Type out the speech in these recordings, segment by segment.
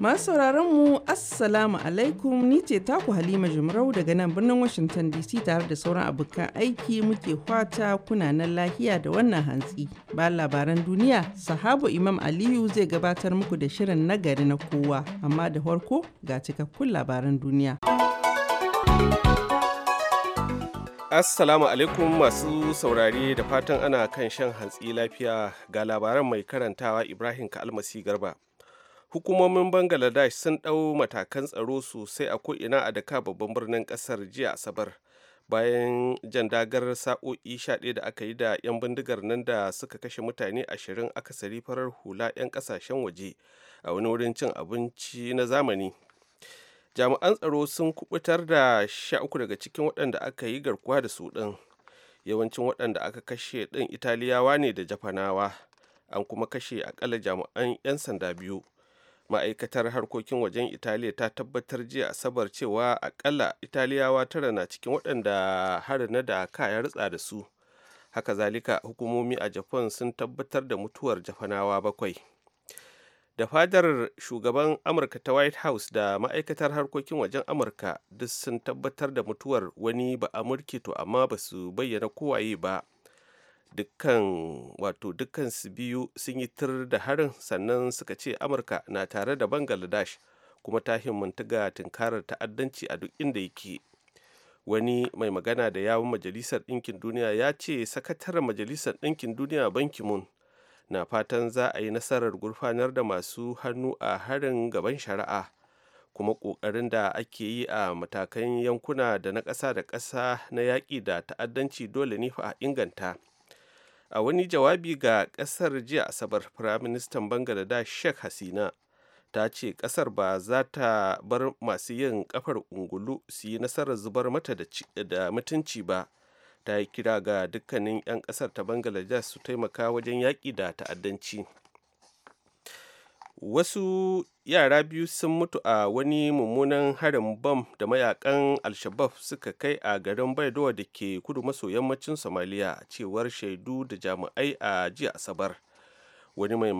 Masu sauraron mu Assalamu alaikum ni ce taku Halima Jumrau daga nan birnin Washington DC tare da sauran abokan aiki muke fata kuna nan lahiya da wannan hantsi. Ba labaran duniya, sahabu Imam Aliyu zai gabatar muku da shirin nagari na kowa, amma da farko ga cikakkun labaran duniya. Assalamu alaikum masu saurari da fatan ana kan shan hantsi lafiya ga labaran mai karantawa Ibrahim Ka'almasi Garba. hukumomin bangladesh sun ɗau matakan tsaro sosai a ko'ina a daka babban birnin ƙasar jiya asabar bayan jan dagar sa'o'i 11 da aka yi da 'yan bindigar nan da suka kashe mutane ashirin akasari farar hula 'yan kasashen waje a wani wurin cin abinci na zamani jami'an tsaro sun kubutar da sha uku daga cikin waɗanda aka yi garkuwa da su ɗin yawancin waɗanda aka kashe ɗin italiyawa ne da japanawa an kuma kashe akalla jami'an 'yan sanda biyu ma'aikatar harkokin wajen italiya ta tabbatar jiya asabar cewa akalla italiyawa tara na cikin waɗanda na da ka ya rutsa da su haka zalika hukumomi a japan sun tabbatar da mutuwar japanawa bakwai da fadar shugaban amurka ta white house da ma'aikatar harkokin wajen amurka duk sun tabbatar da mutuwar wani ba amurki to amma ba su bayyana kowaye ba dukkan wato dukkan su biyu sun yi tir da harin sannan suka ce amurka na tare da bangladesh kuma ta himmantu ga tunkarar ta'addanci a duk inda yake wani mai magana da yawun majalisar ɗinkin duniya ya ce sakataren majalisar ɗinkin duniya banki mun na fatan za a yi nasarar gurfanar da masu hannu a harin gaban shari'a kuma ƙoƙarin da ake yi a matakan yankuna da na ƙasa da ƙasa na yaƙi da ta'addanci dole ne fa a inganta a wani jawabi ga kasar jiya asabar firaministan bangaladesh sheikh hasina ta ce kasar ba za ta bar masu yin kafar ungulu su yi nasarar zubar mata da mutunci ba ta yi kira ga dukkanin 'yan kasar ta bangaladesh su taimaka wajen yaƙi da ta'addanci wasu yara biyu sun mutu a wani mummunan harin bam da mayakan alshabab suka kai a garin baidowa da ke kudu maso yammacin somaliya cewar shaidu da jami'ai a jiya asabar wani mai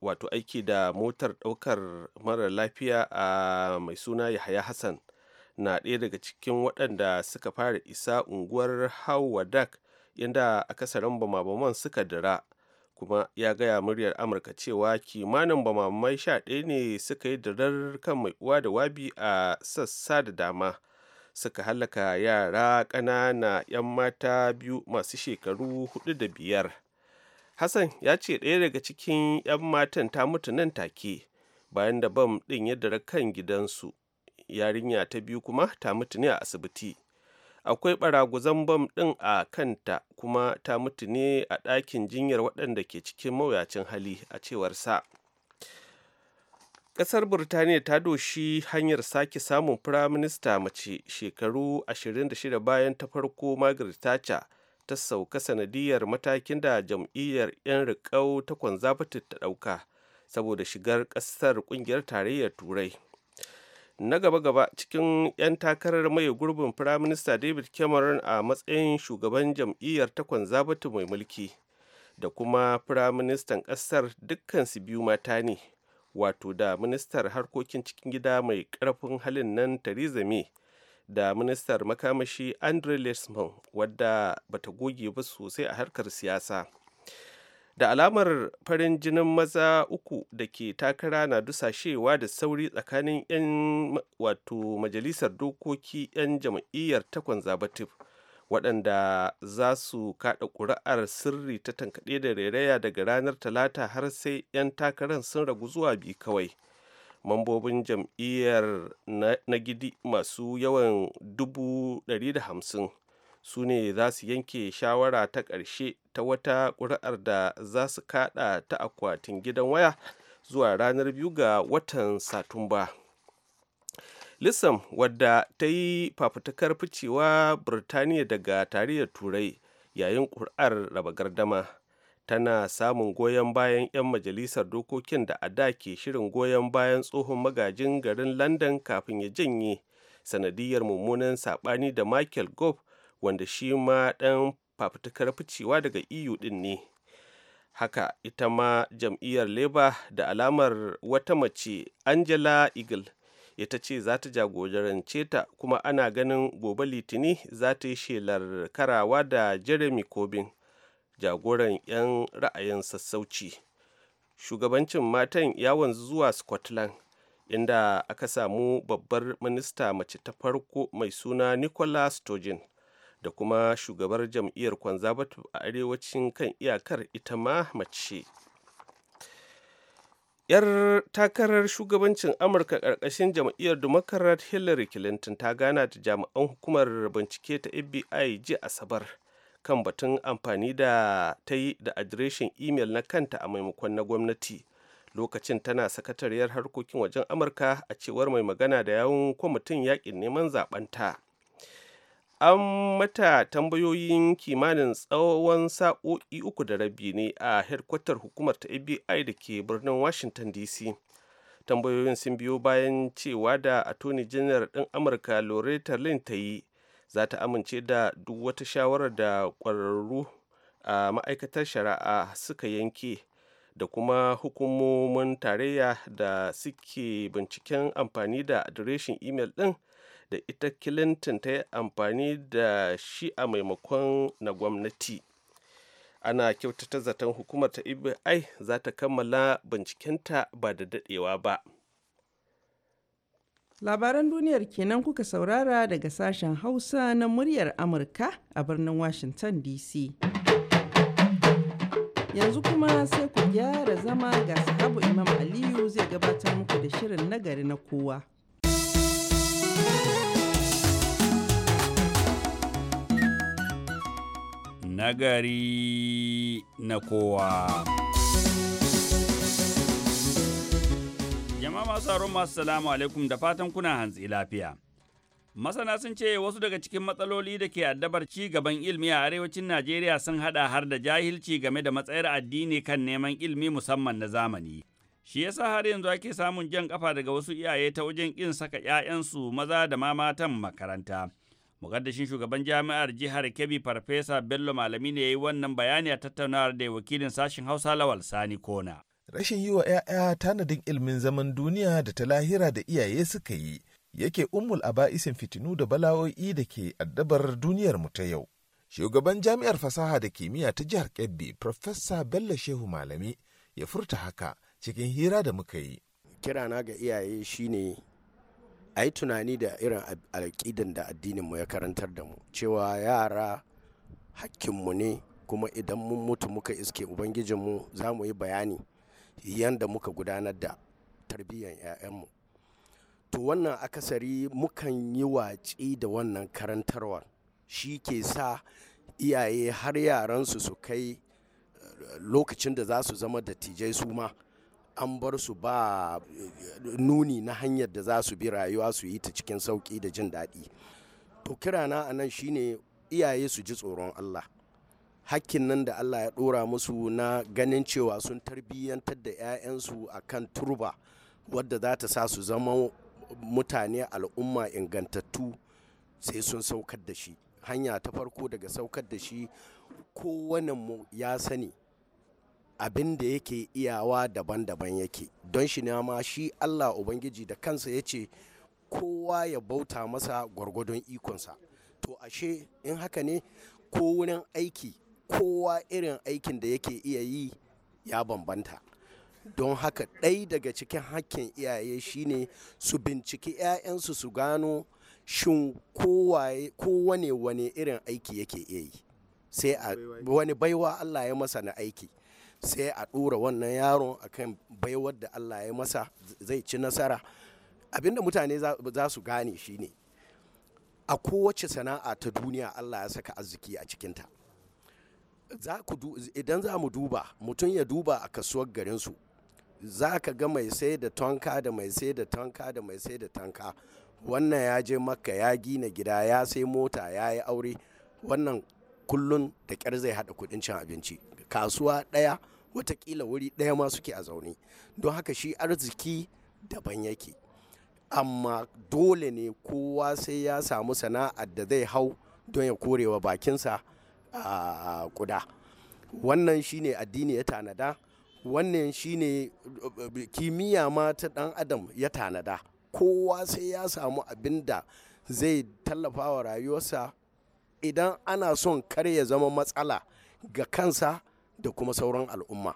wato aiki da motar daukar mara lafiya a mai suna yahaya hassan na ɗaya daga cikin waɗanda suka fara isa unguwar hawadak inda akasarin bama-baman suka dira kuma ya gaya muryar amurka cewa kimanin bamamai sha ɗaya ne suka yi darar kan mai uwa da wabi a sassa da dama suka halaka yara ƙanana 'yan mata biyu masu shekaru hudu da biyar hassan ya ce ɗaya daga cikin 'yan matan ta mutu nan take bayan da bam ɗin ya dara kan gidansu yarinya ta biyu kuma ta mutu ne a asibiti akwai baraguzan bam ɗin a kanta kuma ta mutu ne a ɗakin jinyar waɗanda ke cikin mawuyacin hali a cewar sa ƙasar burtaniya ta doshi hanyar sake samun firaminista mace shekaru 26 bayan ta farko margaret thatcher ta sauka sanadiyar matakin da jam'iyyar 'yan riƙau ta conservative ta ɗauka saboda shigar ƙasar ƙungiyar tarayyar turai na gaba-gaba cikin 'yan takarar mai gurbin firaminista david cameron a matsayin shugaban jam'iyyar ta kwanzabatu mai mulki da kuma firaministan ƙasar dukkansu biyu mata ne wato da ministar harkokin cikin gida mai ƙarfin halin nan theresa may da ministar makamashi andre lesman wadda bata goge ba sosai a harkar siyasa da alamar farin jinin maza uku da ke takara na dusashewa da sauri tsakanin 'yan wato majalisar dokoki 'yan jam'iyyar takwan zabatif waɗanda za su kaɗa ƙuri'ar sirri ta tankaɗe da rairaya daga ranar talata har sai 'yan takarar sun ragu zuwa biyu kawai mambobin jam'iyyar na gidi masu yawan dubu 150 su ne za su yanke shawara ta ƙarshe ta wata ƙuri'ar da za su kaɗa ta akwatin gidan waya zuwa ranar biyu ga watan satumba lissam wadda ta yi fafutukar ficewa birtaniya daga tarayyar turai yayin ƙuri'ar raba gardama tana samun goyon bayan 'yan majalisar dokokin da a da ke shirin goyon bayan tsohon magajin garin london kafin ya janye sanadiyar mummunan saɓani da michael gove wanda shi ma ɗan fafutukar ficewa daga eu ɗin ne haka ita ma jam'iyyar leba da alamar wata mace angela eagle ita ce za ta jagorance ta kuma ana ganin gobe litini za ta yi shelar karawa da jeremy corbyn jagoran 'yan ra'ayin sassauci shugabancin matan ya wanzu zuwa scotland inda aka samu babbar minista mace ta farko mai suna nicola sturgeon da kuma shugabar jam'iyyar conservative a arewacin kan iyakar ita ma mace yar takarar shugabancin amurka ƙarƙashin jam'iyyar democrat hillary clinton ta gana da jami'an hukumar bincike ta fbi ji asabar kan batun amfani da ta yi da adireshin imel na kanta a maimakon na gwamnati lokacin tana sakatariyar harkokin wajen amurka a cewar mai magana da yawun kwamitin yakin neman ta. an mata tambayoyin kimanin tsawon sa'o'i uku da rabi ne a hedkwatar hukumar ta abi da ke birnin washington dc tambayoyin sun biyo bayan cewa da attorney general ɗin amurka loretta Lin ta yi za ta amince da duk wata shawarar da ƙwararru a ma'aikatar shari'a suka yanke da kuma hukumomin tarayya da suke binciken amfani da adireshin imel ɗin da ita clinton ta yi amfani da shi a maimakon na gwamnati ana kyautata zaton hukumar ta fbi za ta kammala bincikenta ba da dadewa ba labaran duniyar kenan kuka saurara daga sashen hausa na muryar amurka a birnin washington dc yanzu kuma sai ku gyara zama ga sahabu imam aliyu zai gabatar muku da shirin nagari na kowa nagari na kowa. Jama'a masu haron masu salamu alaikum da fatan kuna hantsi lafiya. Masana sun ce wasu daga cikin matsaloli da ke addabar ci gaban ilmi a arewacin Najeriya sun hada har da jahilci game da matsayar addini kan neman ilmi musamman na zamani. Shi yasa har yanzu ake samun jan kafa daga wasu iyaye ta wajen ƙin saka 'ya'yansu maza da ma matan makaranta. mukaddashin shugaban jami'ar jihar kebbi farfesa bello malami ne ya yi wannan bayani a tattaunawar da wakilin sashen hausa lawal sani kona rashin yi wa 'ya'ya tanadin ilimin zaman duniya da ta lahira da iyaye suka yi yake umul a aba'isin fitinu da bala'o'i da ke addabar duniyar mu ta yau shugaban jami'ar fasaha da kimiyya ta jihar kebbi Farfesa bello shehu malami ya furta haka cikin hira da muka yi kirana ga iyaye shine a yi tunani da irin alƙidan da addininmu ya karantar da mu cewa yara hakkinmu ne kuma idan mun mutu muka iske ubangijinmu za mu yi bayani yadda muka gudanar da tarbiyyar 'ya'yanmu to wannan akasari mukan yi watsi da wannan karantarwar shi ke sa iyaye har yaransu su kai eh, lokacin da za su zama dattijai su ma an bar su ba eh, nuni na hanyar da za su bi rayuwa su yi ta cikin sauƙi da jin daɗi to kirana a nan shine iyaye su ji tsoron allah hakkin nan da allah ya ɗora musu na ganin cewa sun tarbiyyantar da 'ya'yansu a kan turba wadda za ta sa su zama mutane al'umma ingantattu sai sun saukar da shi hanya ta farko daga saukar da shi kowane mu ya sani abin da yake iyawa daban-daban yake don shi ne ma shi allah ubangiji da kansa ya ce kowa ya bauta masa gwargwadon ikonsa to ashe in haka ne ko wurin aiki kowa irin aikin da yake iya yi ya bambanta don haka ɗai daga cikin hakkin iyaye shine su binciki 'ya'yansu su gano shin kowane wane irin aiki yake iya yi sai a wani baiwa allah ya masa na aiki sai a ɗora wannan yaron akan baiwar da allah ya masa zai ci nasara abinda mutane za su gane shi ne a kowace sana'a ta duniya allah ya saka arziki a cikinta idan za mu duba mutum ya duba a kasuwar garinsu za ka ga mai sai da tonka da mai sai da tonka da mai sai da tonka wannan ya je makka ya gina gida ya sai mota ya yi aure wannan kullun da kyar zai haɗa kuɗin cin abinci kasuwa ɗaya watakila wuri ɗaya ma suke a zaune don haka shi arziki daban yake amma dole ne kowa sai ya samu sana'ar da zai hau don ya korewa bakinsa a kuda wannan shine addini ya tanada wannan shine kimiyya ma ta dan adam ya tanada kowa sai ya samu abin da zai tallafa wa rayuwarsa idan ana son kar ya zama matsala ga kansa da kuma sauran al'umma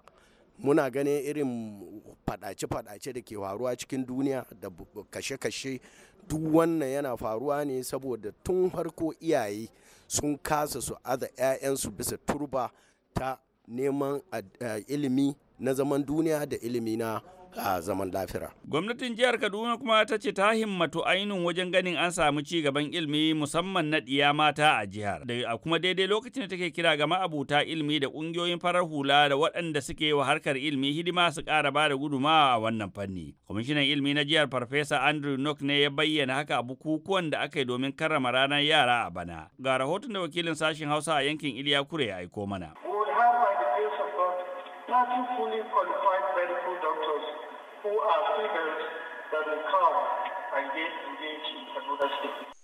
muna ganin irin fadace-fadace da ke faruwa cikin duniya da kashe-kashe duk wannan yana faruwa ne saboda tun harko iyaye sun kasa su aza 'ya'yansu bisa turba ta neman eh, ilimi na zaman duniya da ilimi na a zaman lafira. Gwamnatin jihar Kaduna kuma ta ce ta himmatu ainihin wajen ganin an samu ci gaban ilimi musamman na ɗiya mata a jihar. Da kuma daidai lokacin da take kira ga ma'abuta ilimi da ƙungiyoyin farar hula da waɗanda suke wa harkar ilimi hidima su ƙara ba da gudumawa a wannan fanni. Kwamishinan ilimi na jihar Farfesa Andrew Nock ne ya bayyana haka a bukukuwan da aka yi domin karrama ranar yara a bana. Ga rahoton da wakilin sashen Hausa a yankin Iliya Kure ya aiko mana. We have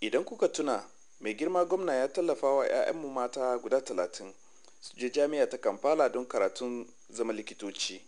Idan kuka tuna, mai girma gwamna ya tallafa wa 'ya'yan mu mata guda talatin su je jami'a ta Kampala don karatun zama likitoci.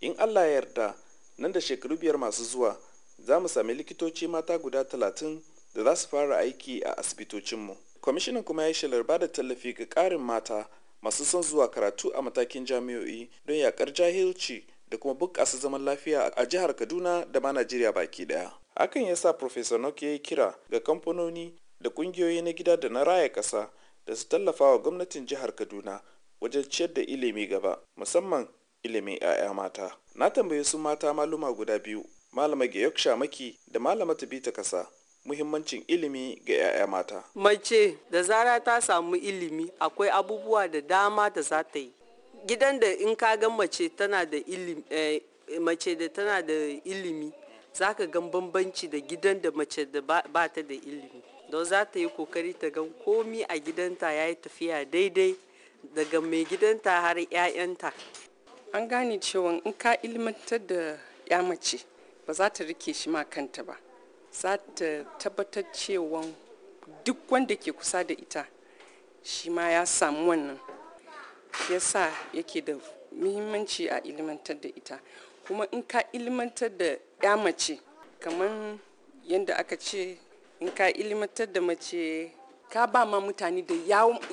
In Allah ya yarda, nan da shekaru biyar masu zuwa, za mu sami likitoci mata guda talatin da za su fara aiki a asibitocinmu. Kwamishinan kuma ya yi shelar ba da tallafi ga ƙarin mata masu son zuwa karatu a matakin jami'o'i don yakar jahilci da kuma bunƙasa zaman lafiya a jihar kaduna da ma najeriya baki daya hakan ya sa professor nok ya yi kira ga kamfanoni da ƙungiyoyi na gida da na raya ƙasa da su tallafa wa gwamnatin jihar kaduna wajen ciyar da ilimi gaba musamman ilimin 'ya'ya mata na tambayi su mata maluma guda biyu malama Yorkshire shamaki da malama tabita kasa muhimmancin ilimi ga 'ya'ya mata. Mace da zara ta samu ilimi akwai abubuwa da dama da za ta yi. gidan da in ka gan mace tana da ilimi eh, mace da tana da ilimi za ka gan bambanci da gidan da mace da ba ta da ilimi don za ta yi kokari ta gan komi a gidanta ya yi tafiya daidai daga mai gidanta har 'ya'yanta an gane cewa in ka ilmantar da ya mace ba za ta rike shi ma kanta ba za ta tabbatar cewa duk wanda ke kusa da ita shi ma ya samu wannan Ya sa yake da muhimmanci a ilmantar da ita kuma in ka ilmantar da ya mace kamar yadda aka ce in ka ilmantar da mace ka ba ma mutane da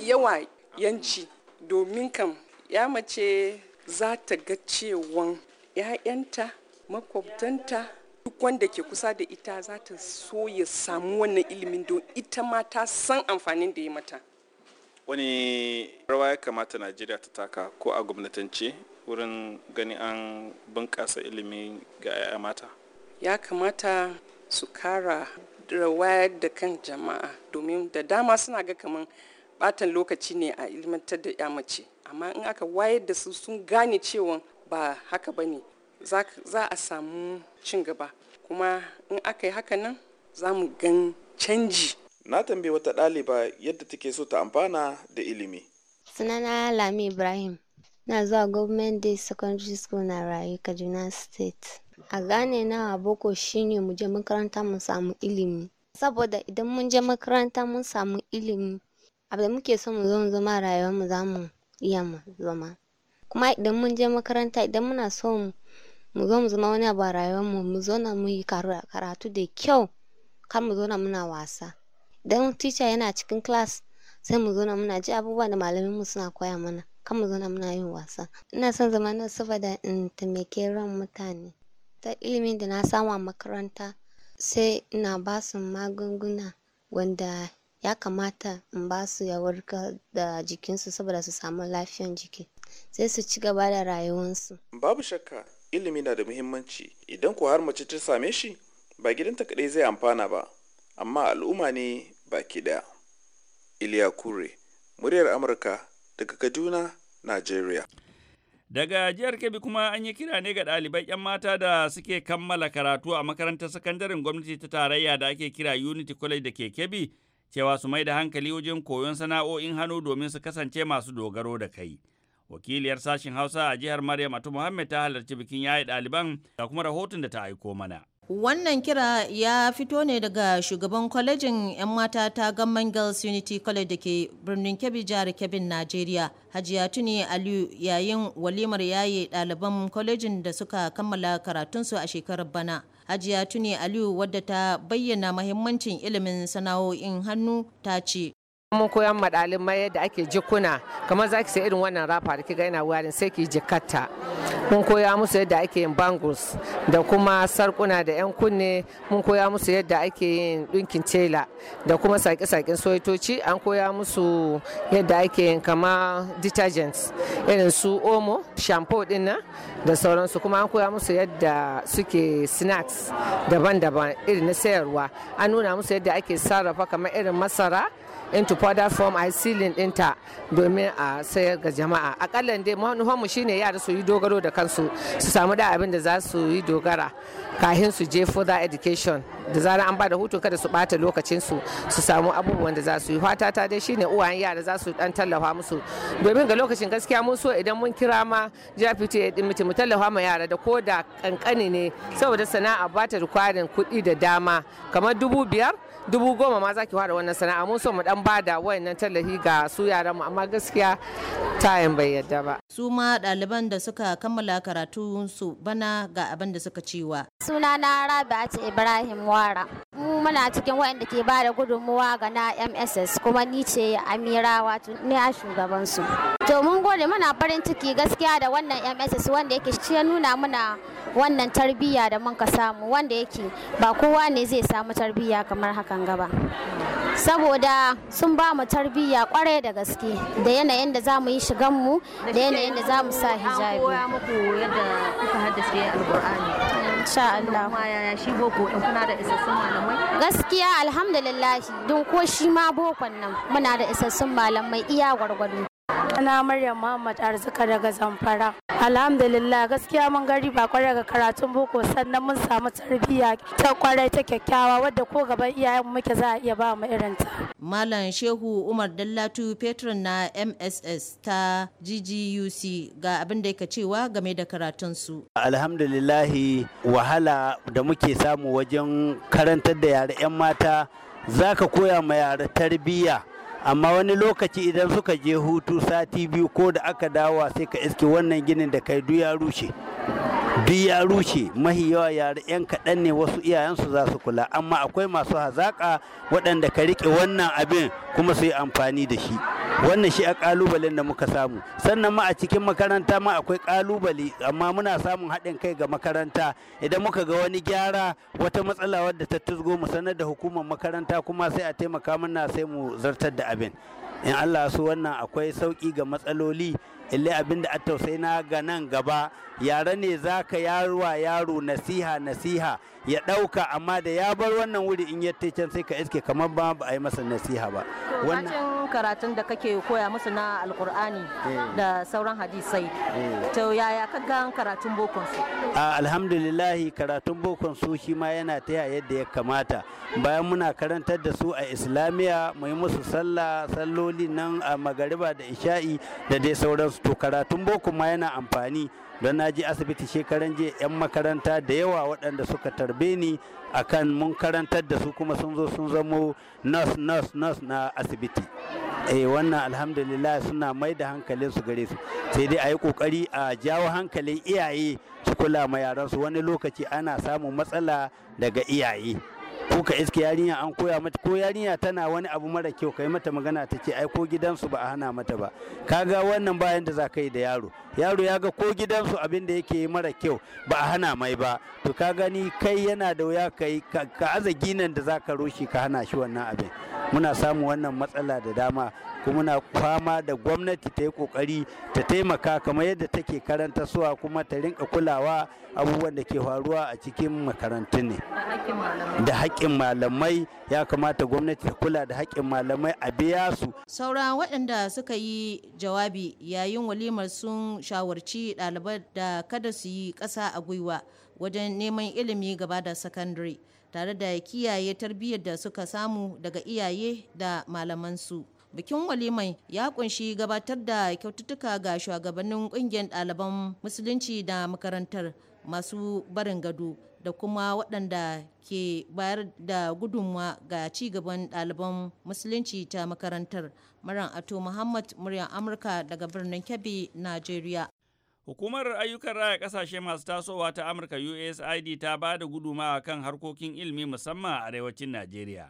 yawa yanci domin kam ya mace za ta ga cewan 'ya'yanta makwabtanta duk wanda ke kusa da ita za ta so ya samu wannan ilimin don ita ma ta san amfanin da ya mata wani rawa ya kamata najeriya ta taka ko a gwamnatance wurin gani an bunƙasa ilimi ga 'ya'ya mata ya kamata su kara rawayar da kan jama'a domin da dama suna ga kamar batan lokaci ne a ilmantar da 'ya mace amma in aka wayar da su sun gane cewa ba haka ba ne za a samu cin gaba kuma in aka yi haka nan za mu gan canji Na tambayi wata ɗaliba yadda take so ta amfana da ilimi. Sunana Lami Ibrahim. Na zuwa Government Day Secondary School na rayu Kaduna State. A gane na boko shine mu je makaranta mu samu ilimi. Saboda idan mun je makaranta mun samu ilimi, abu da muke so mu zo zama rayuwa mu za mu iya mu zama. Kuma idan mun je makaranta idan muna so mu zo mu zama wani abu a rayuwa mu mu zo na mu yi karatu da kyau kar mu zo na muna wasa. dan teacher yana cikin class sai mu zauna muna ji abubuwa da malaminmu suna koya mana kan mu zauna muna yin wasa ina son zama nan saboda in taimake ran mutane ta ilimin da na samu a makaranta sai ina ba su magunguna wanda ya kamata in ba su ya warkar da jikinsu saboda su samu lafiyan jiki sai su ci gaba da rayuwarsu babu shakka ilimi na da muhimmanci idan ko har mace ta same shi ba gidanta kaɗai zai amfana ba amma al'umma ne baki ɗaya. Iliya Kure, muryar Amurka daga Kaduna, nigeria. Daga jihar Kebbi kuma an yi kira ne ga ɗalibai 'yan mata da suke kammala karatu a makarantar sakandaren gwamnati ta tarayya da ake kira Unity College da ke Kebbi cewa su mai da hankali wajen koyon sana'o'in hannu domin su kasance masu dogaro da kai. Wakiliyar sashen Hausa a jihar Maryam Atu Muhammad ta halarci bikin yayi ɗaliban da kuma rahoton da ta aiko mana. Wannan kira ya fito ne daga shugaban kwalejin 'yan mata ta Gamman Girls Unity College da ke birnin Kebbi jihar Kebbin, Najeriya. Hajiya Tuni Aliyu yayin walimar yaye ɗaliban kwalejin da suka kammala karatunsu a shekarar bana. Hajiya Tuni Aliyu wadda ta bayyana mahimmancin ilimin sana'o'in hannu ta ce, mun koyan ma yadda ake jikuna kamar za ki sai irin wannan rafa da kiga yana wuyarin sai ki jikatta mun koya musu yadda ake yin bangles da kuma sarkuna da yan kunne mun koya musu yadda ake yin ɗinkin tela da kuma saƙe-saƙen soyitoci an koya musu yadda ake yin kama detergents irin su omo shampoo din nan da sauransu kuma an koya musu yadda suke snacks daban-daban irin na sayarwa an nuna musu yadda ake sarrafa kamar irin masara into powder form a sealing ɗinta domin a sayar ga jama'a akalla dai mu shine yara su yi dogaro da kansu su samu da abin da za su yi dogara kahin su je further education da zarar an ba da hutu kada su bata lokacin su su samu abubuwan da za su yi fata ta dai shine uwayen yara za su dan tallafa musu domin ga lokacin gaskiya mun so idan mun kira ma jafita din mutum mu tallafa ma yara da ko da kankani ne saboda sana'a ba ta kwarin kuɗi da dama kamar dubu biyar dubu goma ma za ki fara wannan sana'a mun so mu dan bada wayannan tallafi ga su yaran mu amma gaskiya tayin bai yadda ba su ma ɗaliban da suka kammala karatun su bana ga abin da suka ciwa sunana Rabi'atu Ibrahim Wara muna cikin waɗanda ke ba da gudunmuwa ga na MSS kuma ni ce Amira wato ne a shugabansu. To mun gode muna farin ciki gaskiya da wannan MSS wanda yake shi ya nuna muna wannan tarbiyya da mun ka samu wanda yake ba kowa ne zai samu tarbiyya kamar hakan gaba. saboda sun ba mu tarbiyya kwarai da gaske da yanayin da za mu yi shigan mu da yanayin da za mu sa hijabi. An koya muku yadda kuka alkur'ani. Insha Allah. yaya shi boko kuna da isassun malamai? Gaskiya alhamdulillah don ko shi ma bokon nan muna da isassun malamai iya gwargwado Ana Maryam Muhammad Arzika daga Zamfara. Alhamdulillah gaskiya mun gari ba kwarai ga karatun boko sannan mun samu tarbiyya ta kwarai ta kyakkyawa wadda ko gaban iyayen muke za a iya ba mu irin ta. Malam Shehu Umar Dallatu Petron na MSS ta GGUC ga abin da yake cewa game da karatun su. Alhamdulillah wahala da muke samu wajen karantar da yare 'yan mata zaka koya ma yara tarbiyya amma wani lokaci idan suka je hutu sati biyu ko da aka dawa sai ka iske wannan ginin da kai du ya rushe duk ya rushe mahi yawa yare yan kaɗan ne wasu iyayensu za su kula amma akwai masu hazaƙa waɗanda ka riƙe wannan abin kuma su yi amfani da shi wannan shi a ƙalubalen da muka samu sannan ma a cikin makaranta ma akwai ƙalubale amma muna samun haɗin kai ga makaranta idan muka ga wani gyara wata matsala wadda ta tuzgo mu sanar da hukumar makaranta kuma sai a taimaka mana sai mu zartar da abin in Allah su wannan akwai sauƙi ga matsaloli illai abin da a tausayi na ga nan gaba yare ne za ka yaruwa yaro nasiha nasiha ya ɗauka amma da ya bar wannan wuri in ya can sai ka iske kamar ba ba a yi masa nasiha ba wannan karatun da kake koya musu na alkur'ani eh. da sauran hadisai eh. to yaya ka ga karatun bokon su alhamdulillah karatun bokon su shi ma yana ta yadda ya kamata bayan muna karantar da su a islamiyya mu yi musu sallah salloli nan a magariba da isha'i da dai sauransu to karatun bokon ma yana amfani don na ji asibiti shekaran je 'yan makaranta da yawa waɗanda suka tarbe ni akan mun karantar da su kuma sun zo sun zamo nurse nurse nurse na asibiti eh wannan alhamdulillah suna mai da hankalin su gare su sai dai a yi ƙoƙari a jawo hankalin iyaye su kula ma yaransu wani lokaci ana samun matsala daga iyaye ko ka iske yarinya an koya mata ko yarinya tana wani abu mara kyau kai mata magana ta ce ai ko gidansu ba a hana mata ba kaga wannan bayan da za ka yi da yaro yaro ya ga ko gidansu abin da yake mara kyau ba a hana mai ba to ka gani kai yana da wuya kai ka aza ginin da za ka rushe ka hana shi wannan abin muna samun wannan matsala da dama kuma muna fama da gwamnati ta yi kokari ta taimaka kamar yadda take karanta suwa kuma ta rinka kulawa abubuwan da ke faruwa a cikin makarantun ne da haƙƙin malamai ya kamata gwamnati ta kula da haƙƙin malamai a biya su saura waɗanda suka yi jawabi yayin walimar sun shawarci ɗalibai da kada su yi ƙasa a gwiwa wajen neman ilimi gaba da sakandare tare da kiyaye tarbiyyar da suka samu daga iyaye da malamansu. bikin walimai ya kunshi gabatar da kyaututtuka ga shugabannin kungiyar ɗaliban musulunci da makarantar masu barin gado da kuma waɗanda ke bayar da gudunmawa ga cigaban gaban ɗaliban musulunci ta makarantar maran ato muhammad muryar amurka daga birnin kebbi nigeria Hukumar ayyukan raya kasashe masu tasowa ta Amurka usid ta ba da gudumawa kan harkokin ilimi musamman a arewacin Najeriya.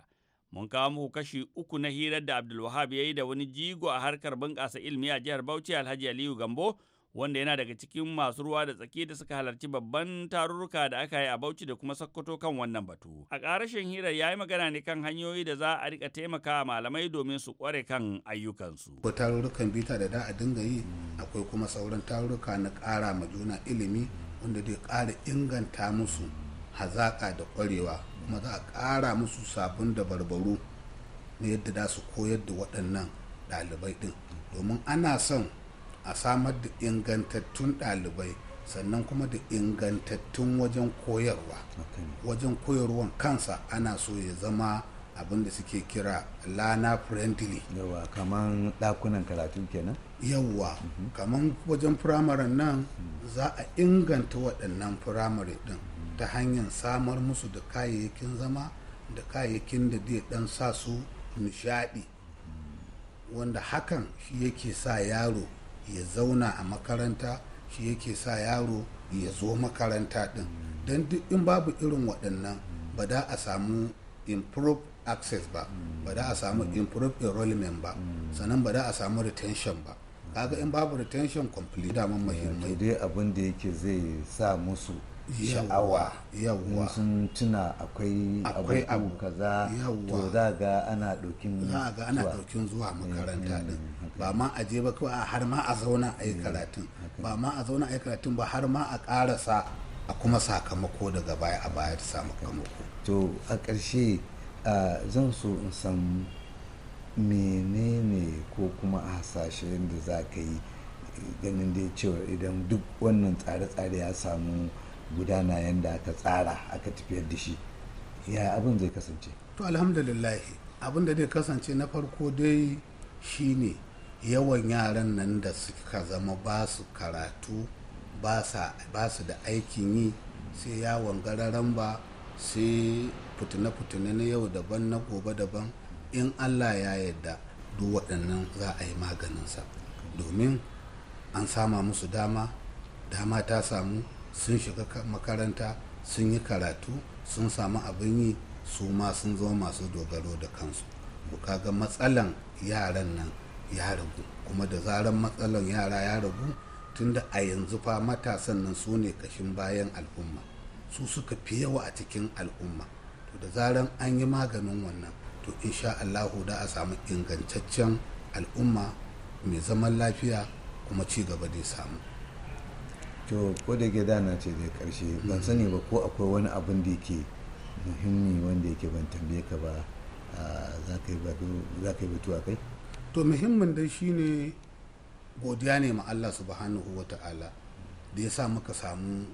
Mun kawo muku kashi uku na hirar da Abdulwahab ya yi da wani jigo a harkar bunƙasa ilimi a jihar Bauchi Alhaji Aliyu Gambo wanda yana daga cikin masu ruwa da tsaki da suka halarci babban tarurruka da aka yi a Bauchi da kuma Sokoto kan wannan batu. A ƙarashin hirar ya yi magana ne kan hanyoyi da za a rika taimaka malamai domin su kware kan ayyukansu. Ko tarurrukan bita da da a dinga yi akwai kuma sauran tarurruka na ƙara ma juna ilimi wanda zai ƙara inganta musu hazaƙa da ƙwarewa kuma za a ƙara musu sabon dabarbaru na yadda za su koyar da waɗannan ɗalibai ɗin domin ana son a samar da ingantattun ɗalibai sannan kuma da ingantattun wajen koyarwa wajen koyarwan kansa ana so ya zama abin da suke kira lana friendly yawa kaman ɗakunan karatu kenan yawa mhm. kaman wajen firamare nan mhm. za a inganta waɗannan firamare ɗin ta hanyar samar musu da kayayyakin zama da kayayyakin da zai dan sa su nishaɗi wanda hakan shi yake sa yaro ya zauna a makaranta shi yake sa yaro ya zo makaranta din don duk in babu irin waɗannan ba da a samu improve access ba ba da a samu improve enrollment ba sannan ba da a samu retention ba kaga in babu retention complete daman eh, muhimmai dai abin da yake zai sa musu sha'awa yawwa sun tuna akwai akwai abu kaza to za ga ana dokin za ga ana ɗaukin zuwa makaranta din eh, ba ma a je ba kawai har ma a zauna a yi eh, karatun ba ma a zauna a yi karatun ba har ma a karasa. a kuma sakamako daga baya a baya ta sakamako to a ƙarshe zan so in san menene ko kuma a hasashen da za ka yi eh, ganin dai cewa idan duk wannan tsare-tsare ya samu gudana yadda aka tsara aka tafiyar da shi ya abin zai kasance to alhamdulillah abin da zai kasance na farko dai shine yawan yaran nan da suka zama ba su karatu ba su da aikin yi sai yawon gararan ba sai fitina-fitina na yau daban na gobe daban in allah ya yadda duk waɗannan za a yi maganinsa domin an sama musu dama dama ta samu sun shiga makaranta sun yi karatu sun samu abin yi su ma sun zama masu dogaro da kansu ga matsalan yaran nan ya ragu kuma da zaran matsalan yara ya ragu tunda a yanzu fa matasan nan su ne kashin bayan al'umma su suka fi yawa a cikin al'umma to da zaran an yi maganin wannan to insha Allahu da a samu ingantaccen al'umma mai zaman lafiya kuma ci gaba da samu to ko da ke dana ce da karshe ban sani ba ko akwai wani abin da yake muhimmi wanda yake ban tambaye ka ba za ka yi batu a kai to muhimmin dai shine godiya ne ma Allah subhanahu wa ta'ala da ya sa muka samu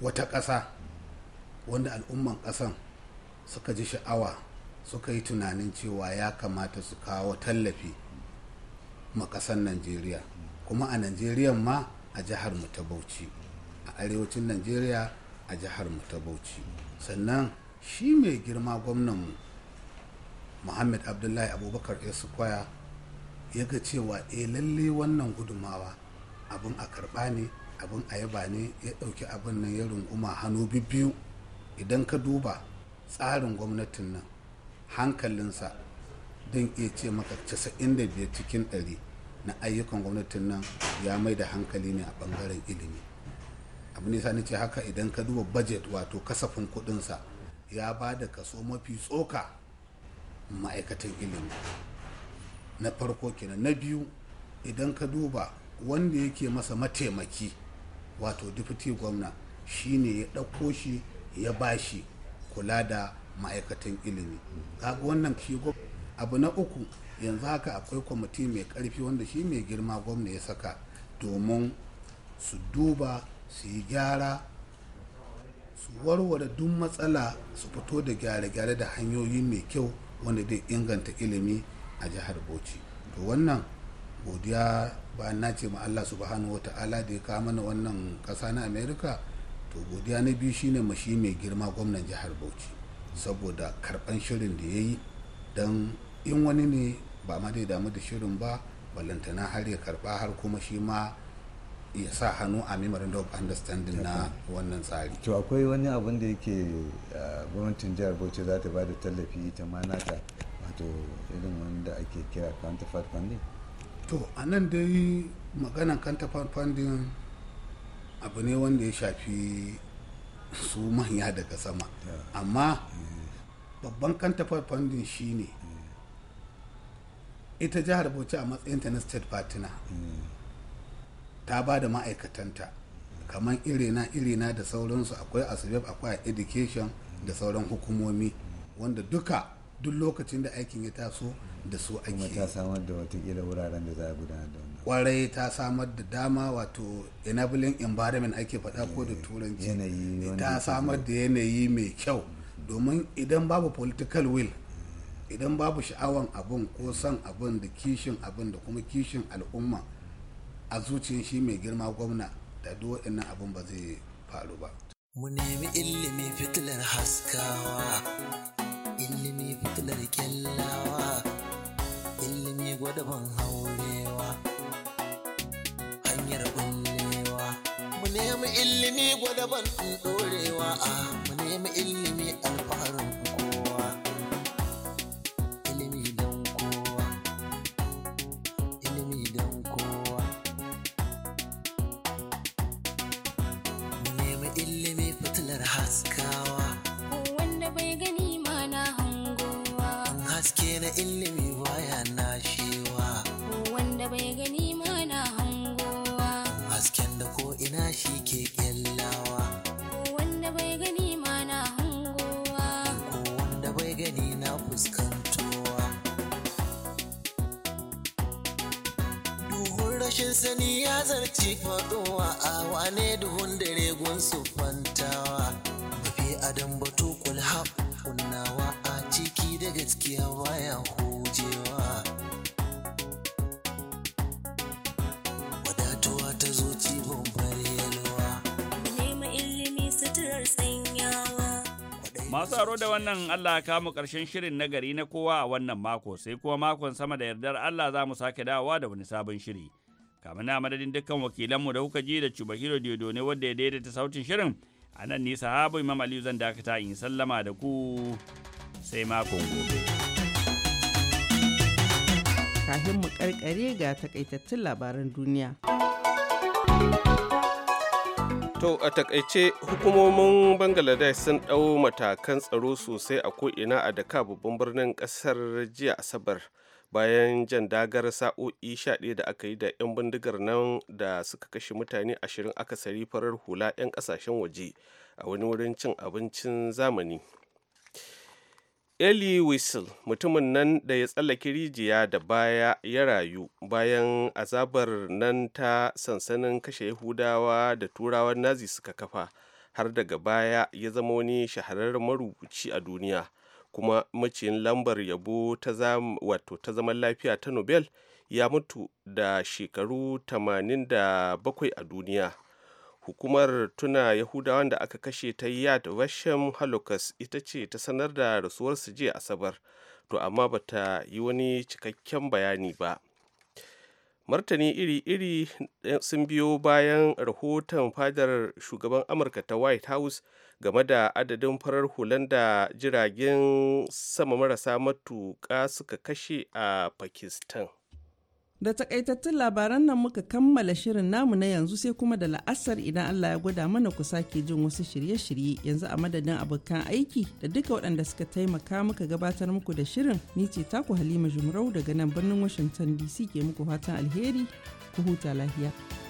wata ƙasa wanda al'umman ƙasan suka ji sha'awa suka yi tunanin cewa ya kamata su kawo tallafi ma ƙasan najeriya kuma a najeriya ma a jihar mu ta bauchi a arewacin najeriya a jihar mu ta bauchi sannan shi mai girma gwamnanmu muhammad abdullahi abubakar esquire ya ga cewa e lalle wannan gudumawa abin a karba ne abin a yaba ne ya ɗauki abin nan ya runguma hannu biyu idan ka duba tsarin gwamnatin nan hankalinsa don iya ce maka 95 cikin 100 na ayyukan gwamnatin nan ya mai da hankali ne a bangaren ilimi abu ne sani ce haka idan ka duba budget wato kasafin kudinsa ya ba da kaso mafi tsoka ma'aikatan ilimi na farko kenan na biyu idan ka duba wanda yake masa mataimaki wato deputy gwamna shine ya ɗauko shi ya ba shi kula da ma'aikatan ilimi kaga wannan shi abu na uku yanzu haka akwai kwamiti mai karfi wanda shi mai girma gwamna ya saka domin su duba su yi gyara su warware duk matsala su fito da gyare-gyare da hanyoyi mai kyau wanda zai inganta ilimi a jihar bauchi to wannan godiya bayan na ce ma allah subhanahu wa ta'ala da ya kawo mana wannan kasa na Amerika to godiya na biyu shine mashi mai girma gwamnan jihar bauchi saboda karɓan shirin da ya yi don in wani ne ba ma dai damu da shirin ba ballantana har ya karba har kuma shi ma ya sa hannu a memorandum of understanding na wannan tsari to akwai wani abin da yake ah, gwamnatin jihar bauchi za ta ba da tallafi ta manata wato irin wanda ake kira counterpart funding to a nan dai maganan counterpart funding abu ne wanda ya shafi su manya daga sama amma babban counterpart funding shine ita jihar bauchi a ta na state partner ta ba da ma'aikatanta kamar irina irina da sauransu akwai asibab akwai education da sauran hukumomi wanda duka duk lokacin da aikin ya taso da su ake kuma ta samar da watakila wuraren da za a gudanar da wannan kwarai ta samar da dama wato enabling environment ake faɗa ko da eh, turanci ta samar da yanayi mai kyau domin idan babu political will idan babu sha'awan abun ko son abun da kishin abun da kuma kishin al'umma a zuciyar shi mai girma gwamna da duwa waɗannan abun ba zai faru ba mu nemi ilimi fitilar haskawa ilimi fitilar kyallawa ilimi gwadaban haurewa hanyar bullewa mu nemi ilimi gwadaban ɗorewa ah, mu nemi ilimi alfaharin Haushin sani ya zarci faɗowa a wane duhun dare gunsu fantawa. Mafi adam batu kul kunnawa a ciki da gaskiya baya hujewa. Wadatuwa ta zo cibin yalwa. Nema ilimi suturar sanyawa. Masu aro da wannan Allah mu ƙarshen shirin na gari na kowa a wannan mako sai kuma makon sama da yardar Allah za mu sake dawowa da wani sabon shiri. kamar na madadin dukkan wakilanmu da kuka ji da cuba Chubahiro Diodo ne wanda ya daidaita sautin shirin a nan nisa sahabu Imam Aliyu zan dakata in sallama da ku sai makon gobe. Kafin mu karkare ga takaitattun labaran duniya. To a takaice hukumomin Bangladesh sun ɗau matakan tsaro sosai a ko'ina a daka babban birnin ƙasar jiya Asabar. bayan jan dagar sa'o'i 11 da aka yi da 'yan bindigar nan da suka kashe mutane 20 akasari farar hula 'yan kasashen waje a wani wurin cin abincin zamani eli whistle mutumin nan da ya tsallake rijiya da baya ya rayu bayan azabar nan ta sansanin kashe yahudawa da turawan nazi suka kafa har daga baya ya zama wani shahararren marubuci a duniya kuma maciyin lambar yabo ta zaman lafiya ta nobel ya mutu da shekaru 87 a duniya hukumar tuna yahudawan da aka kashe ta yad vashem holocaust ita ce ta sanar da rasuwarsu jiya asabar to amma ba ta yi wani cikakken bayani ba martani iri-iri sun biyo bayan rahoton fadar shugaban amurka ta white house game da adadin farar hulan da jiragen sama marasa matuƙa suka kashe a pakistan da takaitattun labaran nan muka kammala shirin namu na yanzu sai kuma da la'asar idan Allah ya gwada mana ku sake jin wasu shirye-shirye yanzu a madadin abokan aiki da duka waɗanda suka taimaka muka gabatar muku da shirin ni ce taku halima jumrau daga nan birnin washington dc ke muku fatan alheri ku huta lafiya.